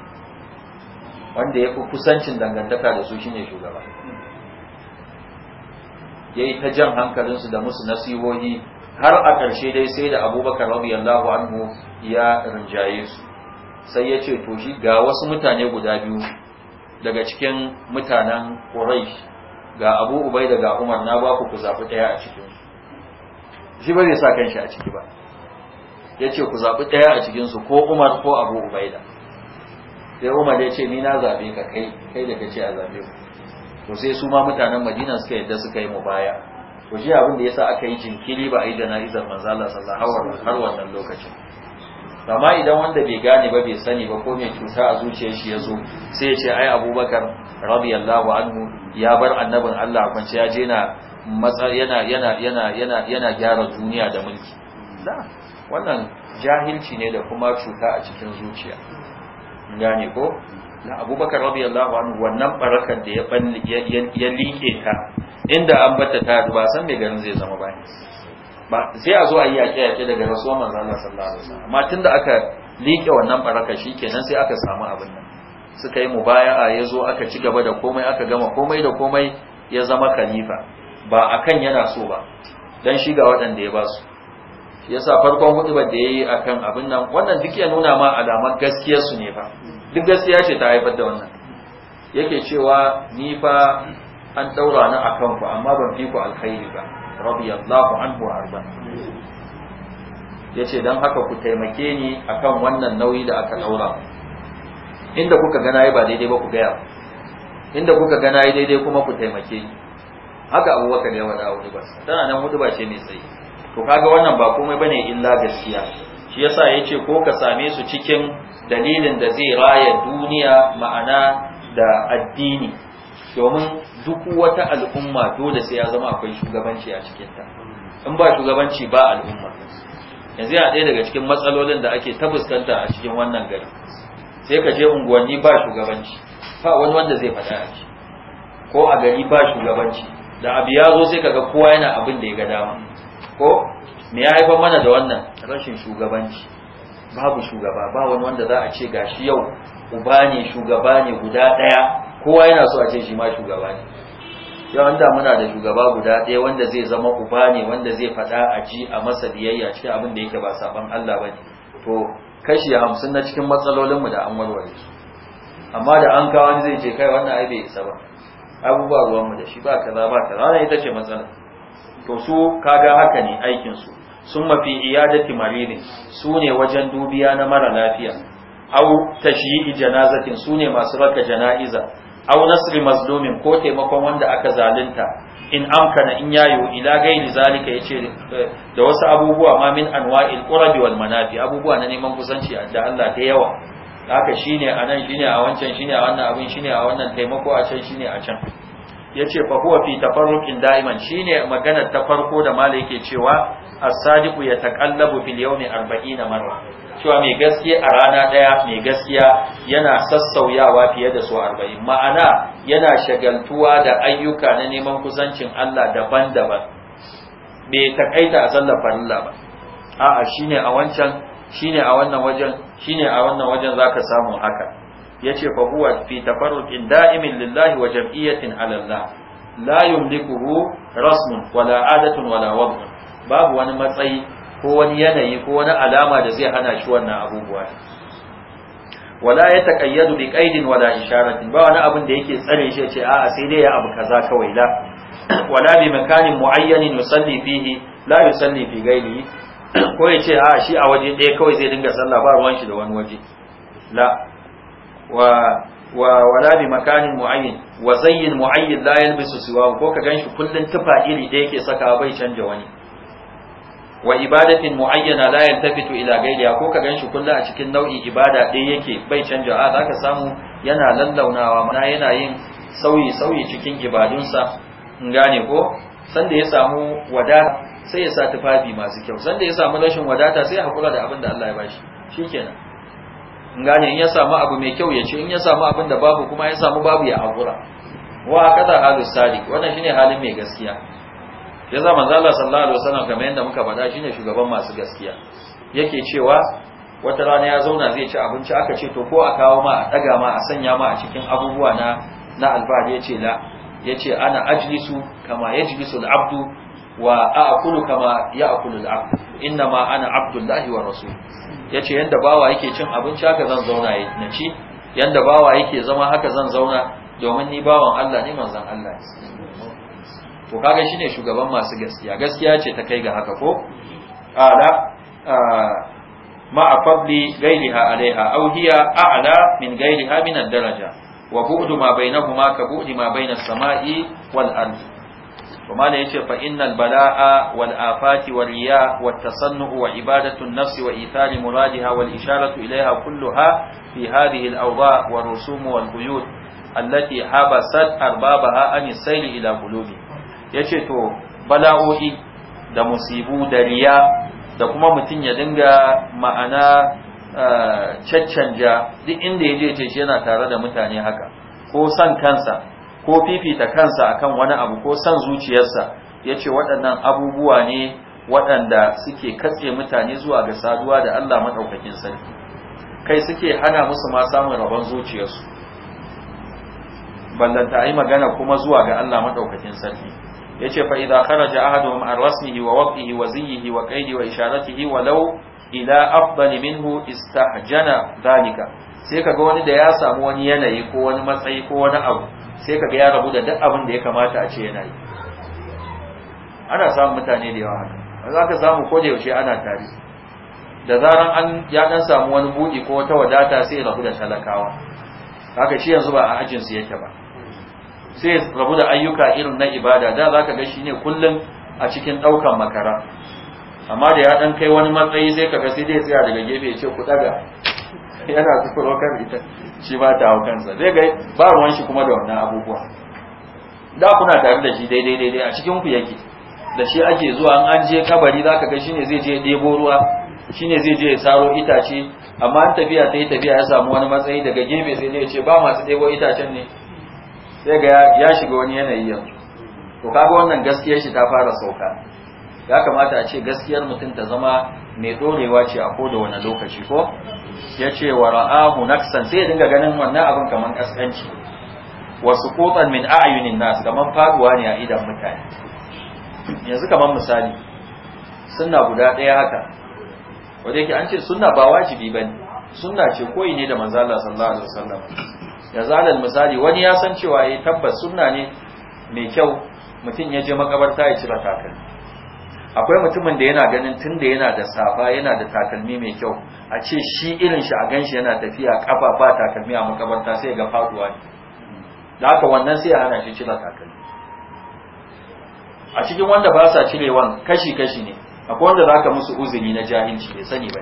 wanda ya fi kusancin dangantaka da su shine shugaba ya yi ta jan hankalinsu da musu nasihohi har a ƙarshe dai sai da abubakar radiyallahu anhu ya rinjaye su sai ya ce to shi ga wasu mutane guda biyu daga cikin mutanen quraish ga abu ubai da ga umar na ba ku ku zaɓi ɗaya a cikin shi ba zai sa kanshi a ciki ba ya ce ku zaɓi ɗaya a cikinsu ko umar ko abu da. sai umar ya ce ni na zabe ka kai kai da kace a zabe ku to sai su ma mutanen madina suka yadda suka yi mubaya to shi abin da yasa aka yi jinkiri ba a yi jana'izar manzo Allah sallallahu alaihi wasallam har wannan lokacin amma idan wanda bai gane ba bai sani ba ko mai cuta a zuciyar shi ya zo sai ya ce ai abubakar radiyallahu anhu ya bar annabin Allah a kwance ya je na yana yana yana yana yana gyara duniya da mulki wannan jahilci ne da kuma cuta a cikin zuciya gane ko na abubakar radiyallahu anhu wannan barakar da ya liƙe ta inda an bata ta ba san mai garin zai zama ba sai a zo a yi yaƙe yaƙe daga rasuwa manzo Allah sallallahu alaihi wasallam amma tunda aka liƙe wannan barakar shi kenan sai aka samu abin nan suka yi a ya zo aka ci gaba da komai aka gama komai da komai ya zama kalifa. ba akan yana so ba dan shi ga waɗanda ya ba su shi yasa farkon hudubar da yayi akan abin nan wannan duk ya nuna ma alamar gaskiyar su ne fa duk gaskiya ce ta haifar da wannan yake cewa ni fa an daura ni akan ku amma ban fi ku alkhairi ba radiyallahu anhu arba yace dan haka ku taimake ni akan wannan nauyi da aka daura inda kuka ga nayi ba daidai ba ku gaya inda kuka ga nayi daidai kuma ku taimake ni haka abubakar ya wada hudu ba tana nan hudu ba ce mai tsayi to kaga wannan ba komai bane illa gaskiya shi yasa yace ko ka same su cikin dalilin da zai raya duniya ma'ana da addini domin duk wata al'umma dole sai ya zama akwai shugabanci a cikinta in ba shugabanci ba al'umma yanzu ya ɗaya daga cikin matsalolin da ake ta fuskanta a cikin wannan gari sai ka je unguwanni ba shugabanci ba wani wanda zai faɗa a ko a gari ba shugabanci da abu ya zo sai kaga kowa yana abin da ya ga dama ko me ya haifar mana da wannan rashin shugabanci babu shugaba ba wani wanda za a ce gashi yau uba ne shugaba ne guda ɗaya kowa yana so a ce shi ma shugaba ne Yau da muna da shugaba guda ɗaya wanda zai zama uba ne wanda zai faɗa a ji a masa biyayya cikin abin da yake ba saban Allah ba to kashi hamsin na cikin matsalolinmu da an warware su amma da an kawo zai ce kai wannan ai bai isa ba abubuwa ruwanmu da shi ba kaza ba kaza wannan ita ce matsalar to su kaga haka ne aikinsu sun mafi iyadati maridin su ne wajen dubiya na mara lafiya au tashi'i janazatin su ne masu raka jana'iza au nasri mazlumin ko taimakon wanda aka zalunta in amkana in yayo ila gaini zalika yace eh, da wasu abubuwa ma min anwa'il qurabi wal manafi abubuwa na neman kusanci da Allah da yawa haka shine anan shine a wancan shine a wannan abin shine a wannan taimako a can shine a can yace fa huwa fi tafarruqin da'iman shine magana ta farko da malai yake cewa as-sadiqu yataqallabu fil yawmi 40 marra cewa mai gaskiya a rana daya mai gaskiya yana sassauyawa fiye da su 40 ma'ana yana shagaltuwa da ayyuka na neman kusancin Allah daban-daban bai takaita a sallar farilla ba a'a shine a wancan shine a wannan wajen shine a wannan wajen zaka samu haka yace fa huwa fi tafarruqin da'imin lillahi wa jam'iyyatin ala Allah la yumlikuhu rasmun wala adatun wala wadh babu wani matsayi ko wani yanayi ko wani alama da zai hana shi wannan abubuwa wala ya taqayyadu bi qaidin wala isharatin ba wani abin da yake tsare shi ce a'a sai dai ya abu kaza kawai la wala bi makanin muayyanin yusalli fihi la yusalli fi ghairihi ko yace a'a shi a waje ɗaya kawai zai dinga sallah ba ruwan shi da wani waje la wa wala bi makanin mu'ayyin wa zayyin mu'ayyin la yalbisu siwa ko ka ganshi kullun tufa iri da yake saka bai canja wani wa ibadatin mu'ayyana la yaltafitu ila ghayriha ko ka ganshi kullu a cikin nau'in ibada ɗaya yake bai canja a zaka samu yana lallaunawa mana yana yin sauyi sauyi cikin ibadunsa in gane ko sanda ya samu wada sai ya sa tufafi masu kyau sanda ya samu rashin wadata sai ya hakura da abin da Allah ya bashi shikenan gane in ya samu abu mai kyau ya ce in ya samu abin da babu kuma ya samu babu ya haƙura wa kada halus sadiq wannan shine halin mai gaskiya ya zama Allah sallallahu alaihi wasallam kamar yadda muka faɗa shine shugaban masu gaskiya yake cewa wata rana ya zauna zai ci abinci aka ce to ko a kawo ma a daga ma a sanya ma a cikin abubuwa na na ya yace la yace ana ajlisu kama yajlisu al-abdu wa a'kulu kama ya'kulu al-abdu inna ma ana abdullahi wa rasul yace yadda bawa yake cin abinci haka zan zauna na ci yanda bawa yake zama haka zan zauna domin ni bawan Allah ne manzan Allah to kaga shine shugaban masu gaskiya gaskiya ce ta kai ga haka ko ala ma'a fadli gairiha alaiha aw hiya a'la min gairiha min ad-daraja wa bu'du ma bainahuma ka bu'di ma bainas sama'i wal ardi kuma da yace fa innal bala'a wal afati wal riya wat tasannu wa ibadatu an-nafs wa ithali muradiha wal isharatu ilayha kulluha fi hadhihi al-awda wa rusum wal buyut allati habasat arbabaha an sayli ila qulubi yace to bala'o'i da musibu da riya da kuma mutun ya dinga ma'ana caccanja duk inda yaje ce yana tare da mutane haka ko san kansa ko fifita kansa akan wani abu ko san zuciyarsa yace waɗannan abubuwa ne waɗanda suke katse mutane zuwa ga saduwa da Allah madaukakin sarki kai suke hana musu ma samun rabon zuciyarsu ballanta yi magana kuma zuwa ga Allah madaukakin sarki yace fa idza kharaja ahaduhum an rasmihi wa waqihi wa ziyhi wa qaidi wa isharatihi walau ila afdal minhu istahjana dalika sai kaga wani da ya samu wani yanayi ko wani matsayi ko wani abu sai kaga ya rabu da duk abin da ya kamata a ce yana yi ana samun mutane da yawa haka za ka samu ko da yaushe ana tari. da zaran an ya dan samu wani buɗi ko wata wadata sai rabu da talakawa haka shi yanzu ba a ajin su yake ba sai rabu da ayyuka irin na ibada da za ka ga shi ne kullum a cikin ɗaukan makara amma da ya ɗan kai wani matsayi ka ga sai dai tsaya daga gefe ya ce ku ɗaga yana turo kan ita shi ba ta hau kansa zai ga ba ruwan shi kuma da wannan abubuwa da kuna tare da shi daidai daidai a cikin ku yake da shi ake zuwa an an je kabari ka ga shine zai je debo ruwa shine zai je ya saro itace amma an tafiya ta yi tafiya ya samu wani matsayi daga gefe sai ne ce ba masu debo itacen ne sai ga ya shiga wani yanayi yanzu to kaga wannan gaskiyar shi ta fara sauka ya kamata a ce gaskiyar mutum ta zama mai ɗorewa ce a koda wani lokaci ko ya ce wa ra'ahu naksan sai ya dinga ganin wannan abin kamar kaskanci wasu kotsan min ayunin nasu kamar faduwa ne a idan mutane yanzu kamar misali suna guda ɗaya haka wadda yake an ce suna ba wajibi ba ne suna ce koyi ne da manzala sallallahu alaihi wasallam ya zalal misali wani ya san cewa ya eh tabbas suna ne mai kyau mutum ya je makabarta ya cira takalmi akwai mutumin da yana ganin tunda yana da safa yana da takalmi mai kyau a ce shi irin shi a ganshi yana tafiya kafa ba takalmi a makabarta sai ga faduwa ne da haka wannan sai ya hana shi cire takalmi a cikin wanda ba sa cirewan kashi kashi ne akwai wanda zaka musu uzuri na jahilci bai sani ba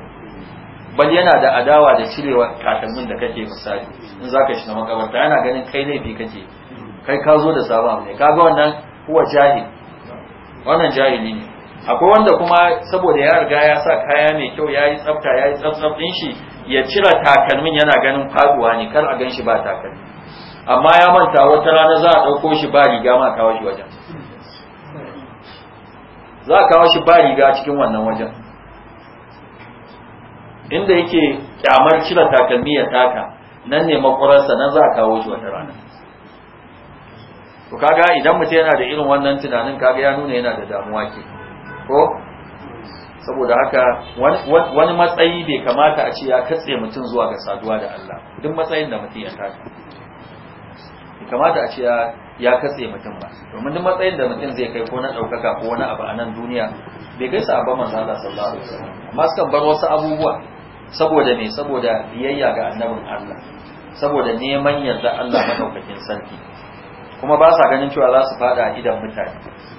bal yana da adawa da cirewa takalmin da kake misali in zaka shi na makabarta yana ganin kai laifi kake kai ka zo da sabon abu ne kaga wannan kuwa jahil wannan jahili ne akwai wanda kuma saboda ya riga ya sa kaya mai kyau ya yi tsafta ya yi tsaftsaf ɗin shi ya cire takalmin yana ganin faduwa ne kar a gan shi ba takalmi amma ya manta wata rana za a ɗauko shi ba riga ma kawo shi wajen za a kawo shi ba riga cikin wannan wajen inda yake kyamar cire takalmi ya taka nan ne makwararsa nan za a kawo shi wata rana to kaga idan mutum yana da irin wannan tunanin kaga ya nuna yana da damuwa ke ko saboda haka wani matsayi bai kamata a ce ya katse mutum zuwa ga saduwa da Allah duk matsayin da mutum ya taka bai kamata a ce ya katse mutum ba domin duk matsayin da mutum zai kai ko na ɗaukaka ko wani abu a nan duniya bai kai sa abin manzan Allah sallallahu alaihi wasallam amma sukan bar wasu abubuwa saboda me saboda biyayya ga annabin Allah saboda neman yarda Allah madaukakin sarki kuma ba sa ganin cewa za su fada a idan mutane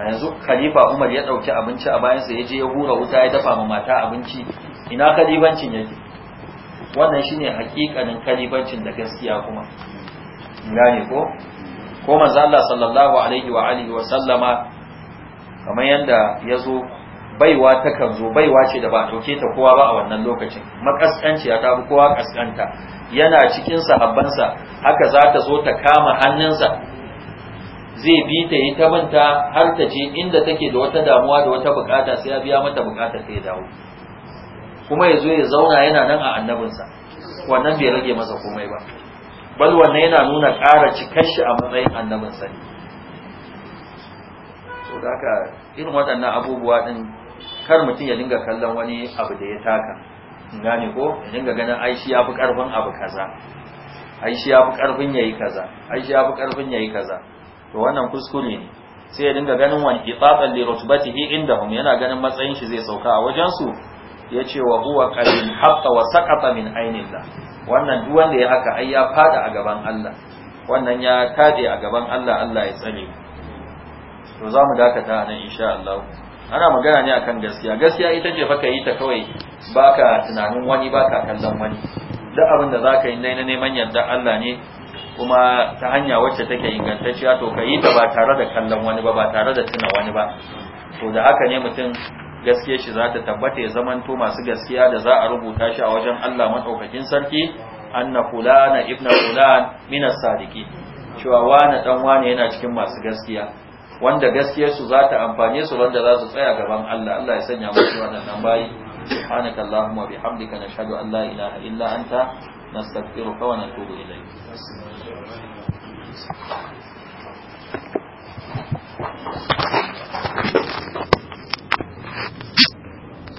a yanzu khalifa umar ya ɗauki abinci a bayansa ya je ya hura wuta ya dafa ma mata abinci ina khalifancin yake wannan shine hakikanin khalifancin da gaskiya kuma gane ko ko manzo Allah sallallahu alaihi wa alihi wa sallama kamar yanda yazo baiwa ta kan zo baiwa ce da ba dauke ta kowa ba a wannan lokacin makaskanci ya tafi kowa kaskanta yana cikin sa haka za ta zo ta kama hannunsa zai bi ta yi ta manta har ta je inda take da wata damuwa da wata bukata sai ya biya mata bukata ta ya dawo kuma ya zo ya zauna yana nan a annabinsa wannan bai rage masa komai ba bal wannan yana nuna ƙara cikar shi a matsayin annabinsa ne so da haka irin waɗannan abubuwa ɗin kar mutum ya dinga kallon wani abu da ya taka gane ko ya dinga ganin ai shi ya fi ƙarfin abu kaza ai shi ya fi ƙarfin ya kaza ai shi ya fi ƙarfin ya kaza to wannan kuskure ne sai ya dinga ganin wani itaban li rutbatihi indahum yana ganin matsayin shi zai sauka a wajen su yace wa huwa qalil haqqa wa saqata min ainillah wannan duk wanda ya haka ai ya fada a gaban Allah wannan ya kade a gaban Allah Allah ya tsare to za mu dakata nan insha Allah ana magana ne akan gaskiya gaskiya ita ce fa yi ta kawai baka tunanin wani baka kallon wani duk abin da zaka yi na neman yarda Allah ne kuma ta hanya wacce take ingantacciya to ka yi ta ba tare da kallon wani ba ba tare da tuna wani ba to da haka ne mutum gaskiya shi za ta tabbata ya to masu gaskiya da za a rubuta shi a wajen Allah madaukakin sarki anna fulana ibna fulan min as-sadiqin cewa wani dan wani yana cikin masu gaskiya wanda gaskiya su za ta amfane su wanda za su tsaya gaban Allah Allah ya sanya musu wannan bayi subhanakallahumma bihamdika nashhadu an la ilaha illa anta نستغفرك ونتوب إليك です。